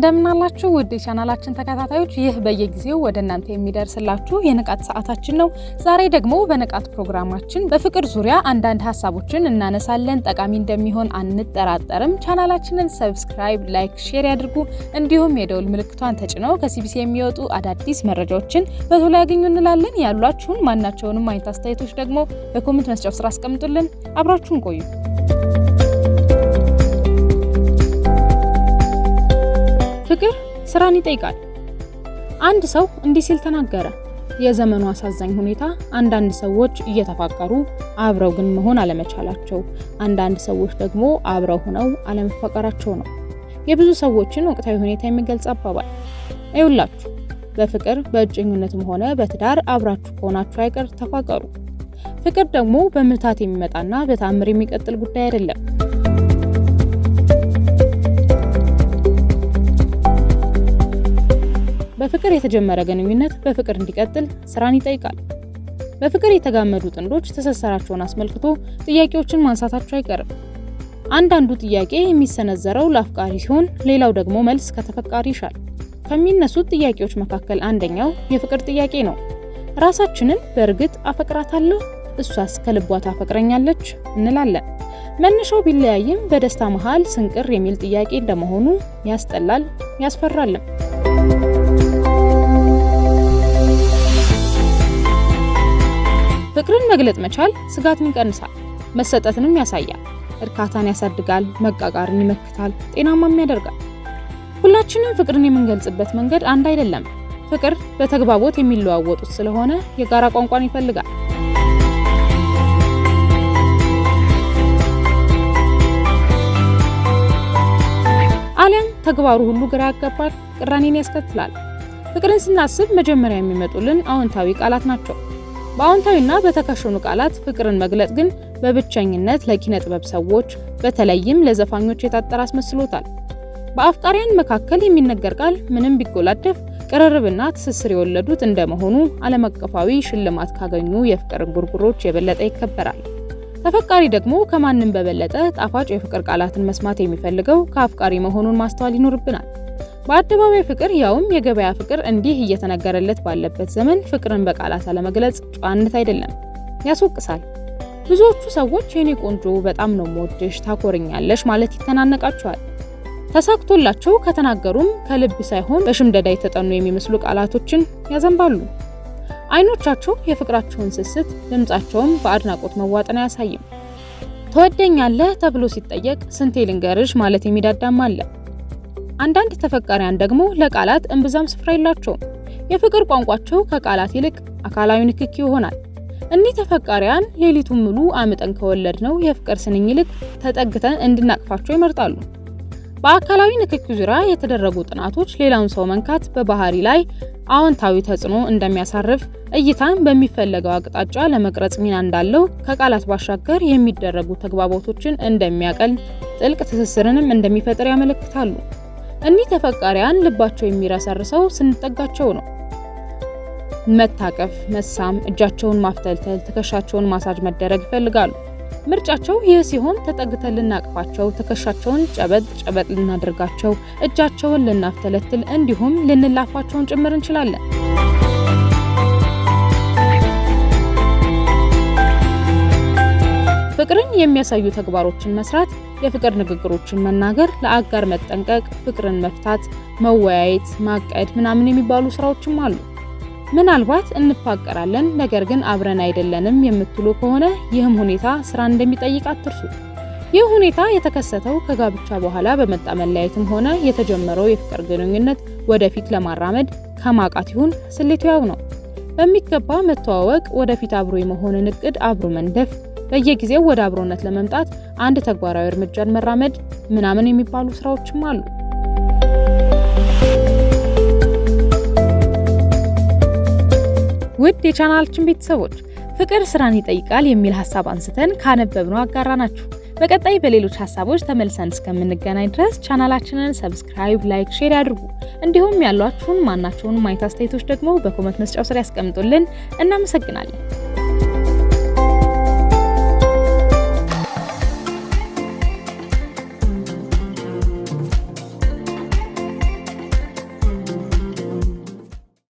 እንደምናላችሁ ውድ የቻናላችን ተከታታዮች ይህ በየጊዜው ወደ እናንተ የሚደርስላችሁ የንቃት ሰዓታችን ነው። ዛሬ ደግሞ በንቃት ፕሮግራማችን በፍቅር ዙሪያ አንዳንድ ሀሳቦችን እናነሳለን። ጠቃሚ እንደሚሆን አንጠራጠርም። ቻናላችንን ሰብስክራይብ፣ ላይክ፣ ሼር ያድርጉ። እንዲሁም የደውል ምልክቷን ተጭነው ከሲቢሲ የሚወጡ አዳዲስ መረጃዎችን በቶሎ ያገኙ እንላለን። ያሏችሁን ማናቸውንም አይነት አስተያየቶች ደግሞ በኮሜንት መስጫው ስራ አስቀምጡልን። አብራችሁን ቆዩ። ፍቅር ስራን ይጠይቃል። አንድ ሰው እንዲህ ሲል ተናገረ። የዘመኑ አሳዛኝ ሁኔታ አንዳንድ ሰዎች እየተፋቀሩ አብረው ግን መሆን አለመቻላቸው፣ አንዳንድ ሰዎች ደግሞ አብረው ሆነው አለመፋቀራቸው ነው። የብዙ ሰዎችን ወቅታዊ ሁኔታ የሚገልጽ አባባል ይውላችሁ። በፍቅር በእጮኝነትም ሆነ በትዳር አብራችሁ ከሆናችሁ አይቀር ተፋቀሩ። ፍቅር ደግሞ በምታት የሚመጣና በታምር የሚቀጥል ጉዳይ አይደለም። በፍቅር የተጀመረ ግንኙነት በፍቅር እንዲቀጥል ስራን ይጠይቃል። በፍቅር የተጋመዱ ጥንዶች ትስስራቸውን አስመልክቶ ጥያቄዎችን ማንሳታቸው አይቀርም። አንዳንዱ ጥያቄ የሚሰነዘረው ለአፍቃሪ ሲሆን፣ ሌላው ደግሞ መልስ ከተፈቃሪ ይሻል። ከሚነሱት ጥያቄዎች መካከል አንደኛው የፍቅር ጥያቄ ነው። ራሳችንን በእርግጥ አፈቅራታለሁ፣ እሷስ ከልቧ ታፈቅረኛለች እንላለን። መነሻው ቢለያይም በደስታ መሃል ስንቅር የሚል ጥያቄ እንደመሆኑ ያስጠላል፣ ያስፈራልም። ፍቅርን መግለጽ መቻል ስጋትን ይቀንሳል፣ መሰጠትንም ያሳያል፣ እርካታን ያሳድጋል፣ መቃቃርን ይመክታል፣ ጤናማም ያደርጋል። ሁላችንም ፍቅርን የምንገልጽበት መንገድ አንድ አይደለም። ፍቅር በተግባቦት የሚለዋወጡት ስለሆነ የጋራ ቋንቋን ይፈልጋል። አሊያም ተግባሩ ሁሉ ግራ ያጋባል፣ ቅራኔን ያስከትላል። ፍቅርን ስናስብ መጀመሪያ የሚመጡልን አዎንታዊ ቃላት ናቸው። በአዎንታዊና በተከሸኑ ቃላት ፍቅርን መግለጽ ግን በብቸኝነት ለኪነ ጥበብ ሰዎች በተለይም ለዘፋኞች የታጠረ አስመስሎታል። በአፍቃሪያን መካከል የሚነገር ቃል ምንም ቢጎላደፍ ቅርርብና ትስስር የወለዱት እንደመሆኑ ዓለም አቀፋዊ ሽልማት ካገኙ የፍቅር እንጉርጉሮች የበለጠ ይከበራል። ተፈቃሪ ደግሞ ከማንም በበለጠ ጣፋጭ የፍቅር ቃላትን መስማት የሚፈልገው ከአፍቃሪ መሆኑን ማስተዋል ይኖርብናል። በአደባባይ ፍቅር ያውም የገበያ ፍቅር እንዲህ እየተነገረለት ባለበት ዘመን ፍቅርን በቃላት አለመግለጽ ጨዋነት አይደለም፣ ያስወቅሳል። ብዙዎቹ ሰዎች የኔ ቆንጆ በጣም ነው የምወድሽ፣ ታኮርኛለሽ ማለት ይተናነቃቸዋል። ተሳክቶላቸው ከተናገሩም ከልብ ሳይሆን በሽምደዳ የተጠኑ የሚመስሉ ቃላቶችን ያዘንባሉ። አይኖቻቸው የፍቅራቸውን ስስት፣ ድምጻቸውም በአድናቆት መዋጠን አያሳይም። ተወደኛለህ ተብሎ ሲጠየቅ ስንቴ ልንገርሽ ማለት የሚዳዳም አለ። አንዳንድ ተፈቃሪያን ደግሞ ለቃላት እምብዛም ስፍራ የላቸውም። የፍቅር ቋንቋቸው ከቃላት ይልቅ አካላዊ ንክኪ ይሆናል። እኒህ ተፈቃሪያን ሌሊቱን ሙሉ አምጠን ከወለድ ነው የፍቅር ስንኝ ይልቅ ተጠግተን እንድናቅፋቸው ይመርጣሉ። በአካላዊ ንክኪ ዙሪያ የተደረጉ ጥናቶች ሌላውን ሰው መንካት በባህሪ ላይ አዎንታዊ ተጽዕኖ እንደሚያሳርፍ፣ እይታን በሚፈለገው አቅጣጫ ለመቅረጽ ሚና እንዳለው፣ ከቃላት ባሻገር የሚደረጉ ተግባቦቶችን እንደሚያቀል፣ ጥልቅ ትስስርንም እንደሚፈጥር ያመለክታሉ። እኒህ ተፈቃሪያን ልባቸው የሚረሰርሰው ስንጠጋቸው ነው። መታቀፍ፣ መሳም፣ እጃቸውን ማፍተልተል፣ ትከሻቸውን ማሳጅ መደረግ ይፈልጋሉ። ምርጫቸው ይህ ሲሆን ተጠግተን ልናቅፋቸው፣ ትከሻቸውን ጨበጥ ጨበጥ ልናደርጋቸው፣ እጃቸውን ልናፍተለትል እንዲሁም ልንላፋቸውን ጭምር እንችላለን። ፍቅርን የሚያሳዩ ተግባሮችን መስራት፣ የፍቅር ንግግሮችን መናገር፣ ለአጋር መጠንቀቅ፣ ፍቅርን መፍታት፣ መወያየት፣ ማቀድ ምናምን የሚባሉ ስራዎችም አሉ። ምናልባት እንፋቀራለን ነገር ግን አብረን አይደለንም የምትሉ ከሆነ ይህም ሁኔታ ስራ እንደሚጠይቅ አትርሱ። ይህ ሁኔታ የተከሰተው ከጋብቻ በኋላ በመጣ መለያየትም ሆነ የተጀመረው የፍቅር ግንኙነት ወደፊት ለማራመድ ከማቃት ይሁን ስሌቱ ያው ነው። በሚገባ መተዋወቅ፣ ወደፊት አብሮ የመሆንን እቅድ አብሮ መንደፍ በየጊዜው ወደ አብሮነት ለመምጣት አንድ ተግባራዊ እርምጃን መራመድ ምናምን የሚባሉ ስራዎችም አሉ። ውድ የቻናላችን ቤተሰቦች ፍቅር ስራን ይጠይቃል የሚል ሀሳብ አንስተን ካነበብነው አጋራ ናችሁ። በቀጣይ በሌሎች ሀሳቦች ተመልሰን እስከምንገናኝ ድረስ ቻናላችንን ሰብስክራይብ፣ ላይክ፣ ሼር ያድርጉ። እንዲሁም ያሏችሁን ማናቸውን ማየት አስተያየቶች ደግሞ በኮመንት መስጫው ስር ያስቀምጡልን። እናመሰግናለን።